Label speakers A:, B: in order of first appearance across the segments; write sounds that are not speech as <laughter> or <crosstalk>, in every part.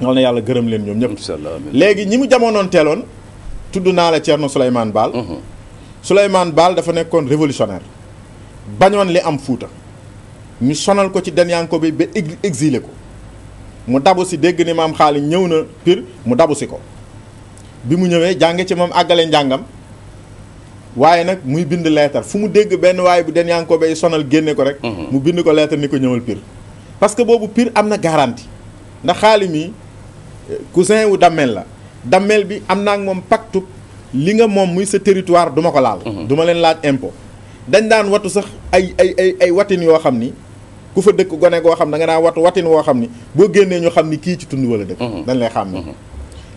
A: wal na yàlla gërëm leen ñoom ñëpp léegi ñi mu jamonoon teeloon tudd naa la Thierno Souleymane Baal mhm. Souleymane Baal dafa nekkoon révolutionnaire bañoon li am Fuuta ñu sonal ko ci Denyanko bi ba exilé ko mu dabu si dégg ni maam xaalis ñëw na piir mu dabu si ko bi mu ñëwee jànge ci moom àggale njàngam waaye nag muy bind leetar fu mu dégg benn waaye bu Denyanko bay sonal génne ko rek mhm. mu bind ko leetar ni ko ñëwal Pire parce que boobu Pire am na garantie cousin wu dammel la dammel bi am naa ak moom pactub li nga moom muy sa territoire duma ko laal mhm. duma leen laaj impôt dañ daan watu sax ay ay ay ay watin yoo xam ni ku fa dëkk gone goo xam da nga daan watu watin woo xam ni boo génnee ñu xam ni kii ci tund wala dëkk mhm. dañ lay xam mhm. ne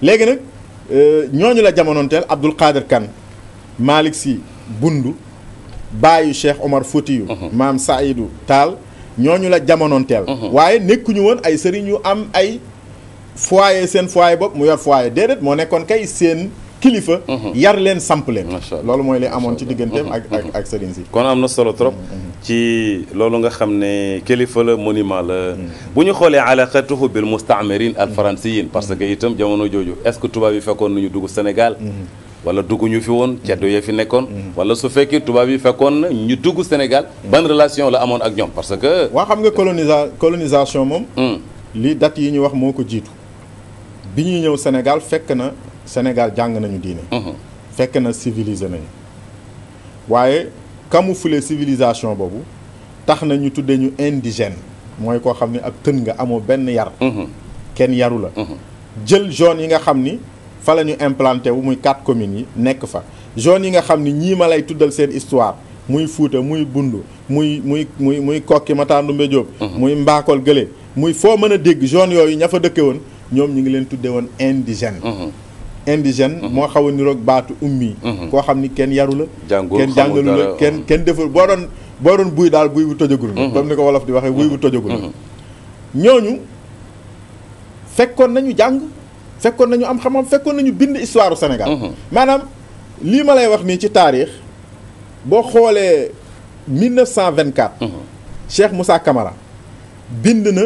A: léegi nag euh, ñooñu la jamonoonteel Abdul Qadir Kan Malick si Bundu bàyyi Cheikh Omar Foutiyou maam Saïdou Tall ñooñu la jamonoonteel waaye nekkuñu woon ay sëriñ yu am ay foyer seen foyer bopp mu yor foyer déedéet moo nekkoon kay seen kilifa. Mhm. yar leen samp leen. loolu mooy li amoon ci digganteem ak mhm. ak ak sëriñ si.
B: kon am na solo trop. Mhm. ci loolu nga xam ne kilifa la monument la. bu ñu xoolee alaqatuhu bil mustaamirin al faransiyin parce que itam jamono jooju est-ce que tubaab yi fekkoon ñu dugg Sénégal. wala dugg ñu fi woon ceddo yee fi nekkoon. wala su fekkee tubaab yi fekkoon na ñu dugg Sénégal. ban relation la amoon ak ñoom parce
A: que. waa xam nga colonisa colonisation moom. Hmm. li date yi ñu wax moo ko jiitu. bi ñuy ñëw Sénégal fekk na Sénégal jàng nañu diine. Mhm. fekk na civilisé nañu. waaye fule civilisation boobu tax na ñu tuddee ñu indigène mooy koo xam ne ak tën nga amoo benn yar. Mhm. kenn yaru la. Mhm. jël zone yi nga xam ni fa la ñu implanté wu muy quatre communes yi nekk fa zone yi nga xam ni ñii ma lay tuddal seen histoire muy Fuuta muy bund muy muy muy muy Kokki Matandumbe Diop. muy Mbaakol Gële muy foo mën a dégg zone yooyu ña fa dëkke woon. ñoom ñu ngi leen tuddee woon indigène mhm. indigène mhm. moo xaw a niroog baatu ummi mhm. koo xam ni kenn yaru la kenn jàngalu la kenn kenn deful boo doon boo buy daal buy bu tojagul la comme ni di waxee buy bu tojagul fekkoon nañu jàng fekkoon nañu am xam fekkoon nañu bind histoire senegal maanaam lii ma lay wax nii ci taarix boo xoolee 1924 Cheikh Moussa Camara bind na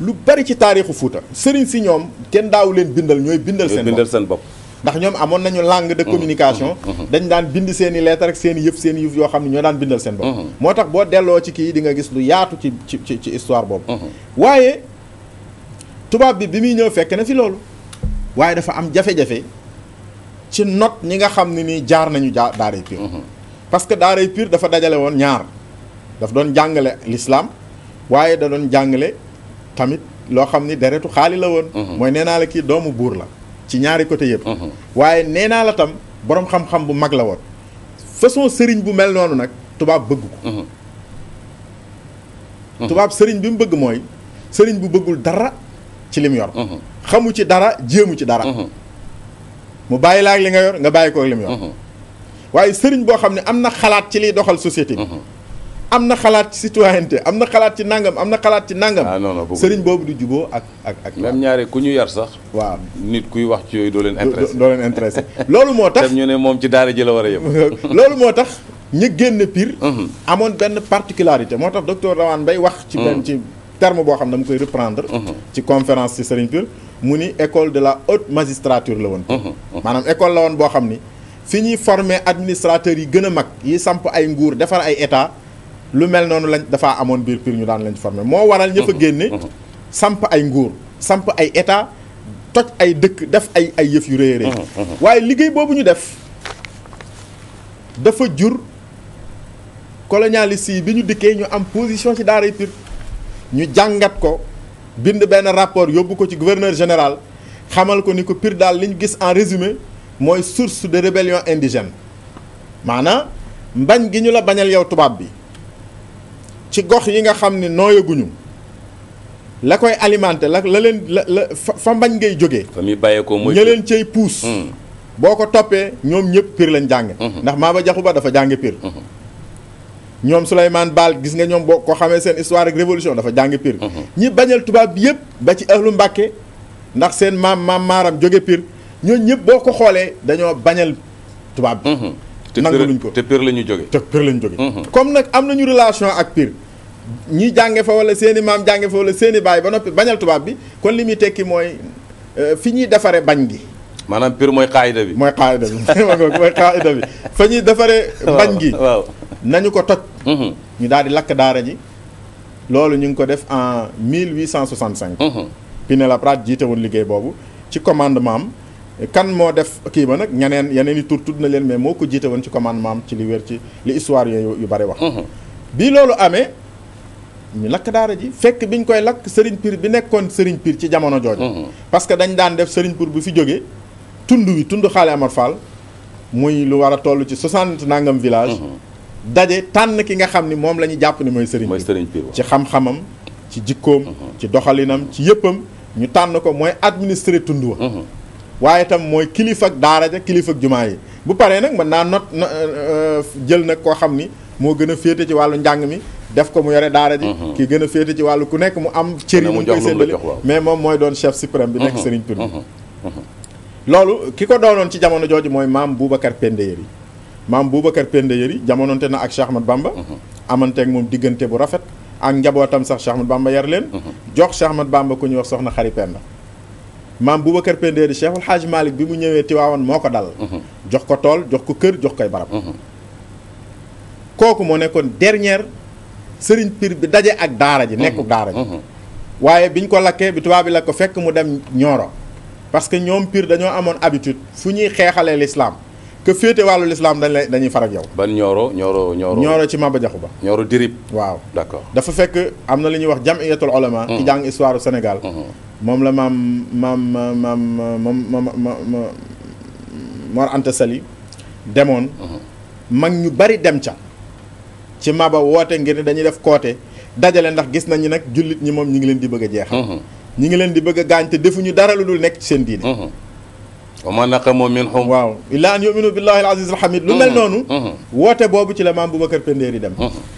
A: lu bari ci taarixu Fuuta sëriñ si ñoom kenn daawu leen bindal ñooy bindal seen bindal seen bopp ndax ñoom amoon nañu langue de mmh. communication mmh. Mmh. dañ daan bind seen i lettre ak seen i yëf seen i yëf yoo xam ne ñoo daan bindal seen bopp moo tax boo delloo ci kii di nga gis lu yaatu ci ci ci histoire boobu waaye tubaab bi bi muy ñëw fekk na fi loolu waaye dafa am jafe-jafe ci not ñi nga xam ne nii jaar nañu jaa daaray piir parce que daaray piir dafa dajale woon ñaar dafa doon jàngale l'islam waaye da jàngale tamit loo xam ni deretu xaali la woon mhm. mooy nee naa la kii doomu buur la ci ñaari côté yëpp mhm. waaye nee naa la tam boroom xam-xam bu mag la woon façon sëriñ bu mel noonu nag tubaab bëgg ko mhm. tubaab sëriñ bi mu bëgg mooy sëriñ bu bëggul dara ci lim yor xamu ci dara jéemu ci dara mu bàyyi laa ak li nga yor nga bàyyi ko ak lim yor waaye sëriñ boo xam ne am na xalaat ci liy doxal société bi am na xalaat ci citoyenneté am na xalaat ci nangam am na xalaat ci nangam. ah non sëriñ boobu du juboo ak
B: ak ak. même ñaare ku ñu yar sax. waaw nit kuy wax ci yooyu doo leen. intéressé
A: doo leen intéressé loolu
B: moo tax. ñu ne moom ci daara ji la war a yem. <laughs>
A: loolu moo tax ñu génn Pire. Mhm. amoon benn particularité moo tax docteur Rawane Mbaye wax. ci benn mhm. ci terme boo xam ne dama koy reprendre. Mhm. ci conférence ci sëriñ Pire mu ni école de la haute magistrature la woon. maanaam école la woon boo xam ni fi ñuy former administrateurs yi gën a mag yi samp ay nguur defar ay état. lu mel noonu lañ dafaa amoon biir Pire ñu daan leen formé moo waral ñëpp a mhm. génne mhm. samp ay nguur samp ay état toj ay dëkk def ay ay yëf yu rëy rëy mhm, waaye liggéey boobu ñu def dafa jur colonialiste bi ñu dikkee ñu am position ci daaray Pire ñu jàngat ko bind benn rapport yóbbu ko ci gouverneur général xamal ko ni ko piir daal li ñu gis en résumé mooy source de rébellion indigène maanaam mbañ gi ñu la bañal yow tubaab bi ci gox yi nga xam ne nooyaguñu la koy alimenté la la leen la la fa mbañ ngay jóge fa muy bàyyeekoo mooy ña leen cay puus. Hmm. boo ko toppee ñoom ñëpp piir lañ jànge hmm. Hmm. ndax maa Maba Jaxu Ba dafa jànge Pire. ñoom Souleymane Baal gis nga ñoom boo ko xamee seen histoire ak révolution dafa jànge Pire. ñi bañal tubaab bi yëpp ba ci ahlu mbakke ndax seen maam maam maaram jóge piir ñooñu ñëpp boo ko xoolee dañoo bañal tubaab bi. nangu luñ
B: ko te Pire la ñu jóge te Pire la ñu jóge
A: comme nag am nañu relation ak Pire. ñi jànge fa wala seen i maam jànge fa wala seeni baay ba noppi bañal tubaab bi kon li muy tekki mooy euh, fi ñuy defaree bañ gi maanaam pire mooy xaayida bi mooy xaayida bi <laughs> mooy xaayida bi fa ñuy defare <laughs> bañ gi waaw nañu ko toj mm-hmm. ñu daal di lakk daara ji loolu ñu ngi ko def en 1865 mm-hmm. Pinet-Laprade jiite woon liggéey boobu ci commandement am kan moo def kii ba nag ñeneen yeneen i tur tudd na leen mais moo ko jiite woon ci commandement am ci li wér ci li histoire yooyu yu bari wax mm-hmm. bi loolu amee ñu lakk daara ji fekk bi biñ koy lakk sëriñ pir bi nekkoon sëriñ pir ci jamono jooju. Mhm. parce que dañ daan def sëriñ pir bu fi jógee tund wi tund xaale Amar Fall muy lu war a toll ci soixante nangam village mhm. daje tànn ki nga xam ni moom la ñu jàpp ni mooy sëriñ pir ci xam-xamam ci jikkoom mhm. ci doxalinam ci yëppam ñu tànn ko mooy administré tund wa waaye itam mooy kilifa ak daara ja kilifa ak jumaa yi bu paree nag mën naa not euh, euh, jël nag koo xam ni moo gën a féete ci wàllu njàng mi def ko mu yore daara ji mhm. ki gën a féete ci wàllu ku nekk mu am cër yi mu koy séddale mais moom mooy doon chef suprême bi nekk mhm. Serigne Touré
C: mhm.
A: loolu ki ko doonoon ci jamono jooju mooy maam Boubacar Pendeyeri maam Boubacar Pendeyeri jamononte na ak Cheikh Ahmad Bamba amanteeg moom diggante bu rafet ak njabootam sax Cheikh Ahmad Bamba yar leen jox Cheikh Bamba ku ñuy wax soxna xari Penda maam Boubacar Pendeyeri Cheikhul Hadj Malick bi mu ñëwee Tiwaawan moo ko dal jox ko tool jox ko kër jox koy barab kooku moo nekkoon dernière sëriñ pir bi daje ak daara ji nekku mm-hmm. daara ji mm-hmm. waaye biñ ko lakkee bi tubaab bi la ko fekk mu dem ñooro parce que ñoom piir dañoo amoon habitude fu ñuy xeexalee lislaam que féete wàllu lislaam dañ lay dañuy farag yow
B: ban ñooro ñooro ñooro ñooro
A: ci Maba Jaxu Ba ñooro dirib waaw d'accord dafa fekk am na lu ñuy wax jamiyatul ulama ci mm-hmm. jàng histoire senegal Sénégal moom la maam maam maam moom Mor Anta Sali demoon mag ñu bari dem ca ci maba woote ngir ne dañuy def koote dajale ndax gis nañu nag jullit ñi moom ñi ngi leen di bëgg a jeexal mhm. ñi ngi leen di bëgg a gaañ te ñu dara lu dul nekk ci seen diine mhm. wa ma naqamu minhum waaw illaa an yuminu billahi al aziz al hamid lu mel mhm. noonu woote boobu ci la maam Boubacar Pendéer yi dem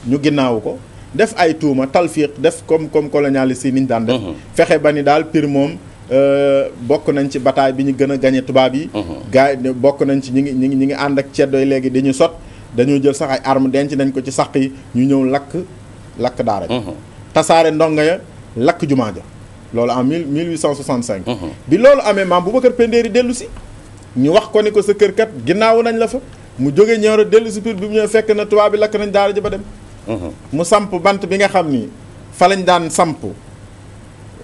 A: ñu ginnaawu ko def ay tuuma talfiq def comme comme colonialiste yi niñ daan def fexe ba ni daal pir moom euh, bokk nañ ci bataay bi ñu gën a gañe tubaab yi gaa bokk nañ ci ñi ngi ñi ngi ñi ngi ànd ak ceddoy léegi di ñu sot dañoo jël sax ay armes denc nañ ko ci sàq yi ñu ñëw lakk lakk daara ji mhm. tasaare ndongo ya lakk jumaa ja loolu en 1865 mhm. bi loolu amee maam Boubacar Pendéeri dellu si ñu wax ko ni ko sa kër kat ginnaawu nañ la fa mu jóge ñëwar a dellu si piir bi mu ñëw fekk na tubaab bi lakk nañ daara ja ba dem mhm. mu samp bant bi nga xam ni fa lañ daan samp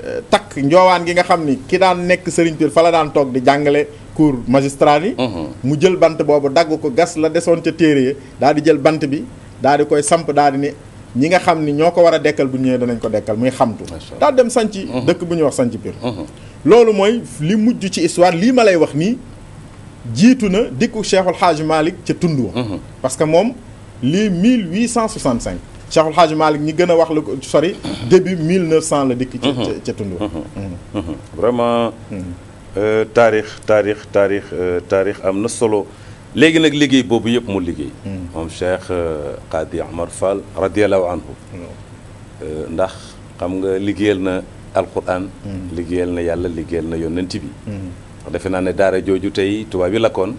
A: eh, takk njoowaan gi nga xam ni ki daan nekk sëriñ piir fa la daan toog di jàngale cour magistrale yi mhm. mu jël bant boobu dagg ko gas la desoon ca téere yi daal di jël bant bi daal di koy samp daal ni ñi nga xam ni ñoo ko war a dekkal bu ñëwee danañ ko dekkal muy xamtu daal dem sanc mhm. dëkk bu ñu wax sanc Pir mhm. loolu mooy li mujj ci histoire lii ma lay wax nii jiitu na dikku Cheikhul Hadj Malick ca tund wa parce que moom lii 1865 Cheikhul Hadj Malick ñi gën a wax la ko sori début 1900 la dikk ca ca tund wa
B: vraiment Euh, taarix taarix taarix euh, taarix am na solo léegi nag liggéey boobu yëpp mu liggéey. Hmm. moom Cheikh euh, Qadi Amar Fall radiyallahu anhu hmm. ndax xam nga liggéeyal na alquran. Hmm. liggéeyal na yàlla liggéeyal na yonent bi. ndax defe naa ne daara jooju tey tubaab yi lakkoon.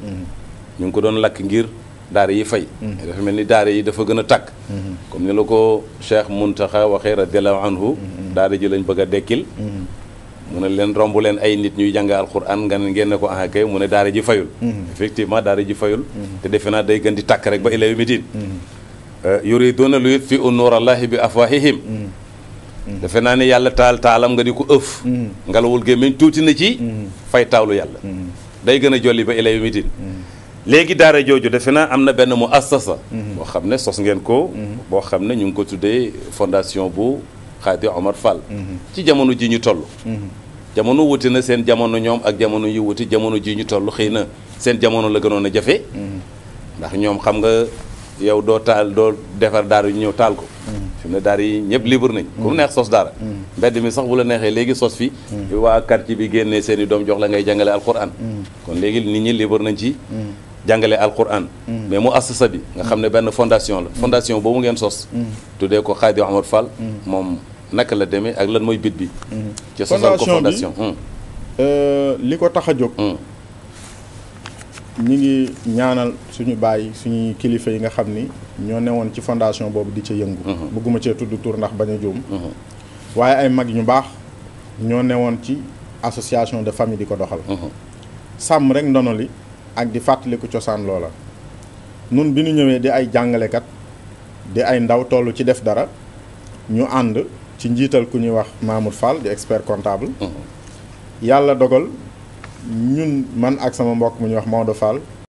B: ñu ngi ko doon lakk ngir daara yi fay. dafa mel ni daara yi dafa gën a tàkk. comme ni la ko Cheikh Muntaxa waxee radiyallahu anhu daara ji lañ bëgg a dekkil. mu ne leen romb leen ay nit ñuy jàng alxuraan nga ngeen ne ko ah kay mu ne daara ji fayul mhm. effectivement daara ji fayul mhm. te defe naa day gën di tàkk rek ba ila yawmi diin mhm. euh, yuriduuna lu yutfiu nuurallaahi bi afwaahihim defe naa ne yàlla taal taalam nga di ko ëf ngalawul gémmiñ tuuti na ci fay taawlu yàlla day gën a jolli ba ila yawmi léegi daara jooju defe naa am na benn mu assasa boo xam ne sos ngeen ko boo xam ne ñu ngi ko tuddee fondation bu Xaadi Omar ci jamono ji ñu toll jamono wuti na seen jamono ñoom ak jamono yu wuti jamono ji ñu toll xëy na seen jamono la gënoon a jafe. ndax ñoom xam nga yow doo taal doo defar daar yu ñëw taal ko. fi ne daara yi ñëpp libre nañ. ku neex sos daara. mbedd mi sax bu la neexee léegi sos fi. waa quartier bi génnee seen i doom jox la ngay jàngale al alquran. kon léegi nit ñi libre nañ ci. jàngale alquran mais mu assasa bi nga xam ne benn fondation la. fondation boobu ngeen sos. tuddee ko moom. naka la demee ak lan mooy bit bi. Mhm. ci sosal ko hmm.
A: euh, li ko tax a jóg. Hmm. ñi ngi ñaanal suñu bàyyi suñuy kilifa yi nga xam ni ñoo newoon ci fondation boobu di ca yëngu. Hmm. bëgguma cee tudd tur ndax bañ a waaye ay mag ñu baax ñoo newoon ci association de famille di ko doxal. sàmm rek ndono li ak di fàttaliku cosaan loola. nun bi ñu ñëwee di ay jàngalekat di ay ndaw toll ci def dara ñu ànd. ci njiital ku ñuy wax Mamour Fall di expert comptable. Uh-huh. yàlla dogal ñun man ak sama mbokk mu ñuy wax Maodo Fall.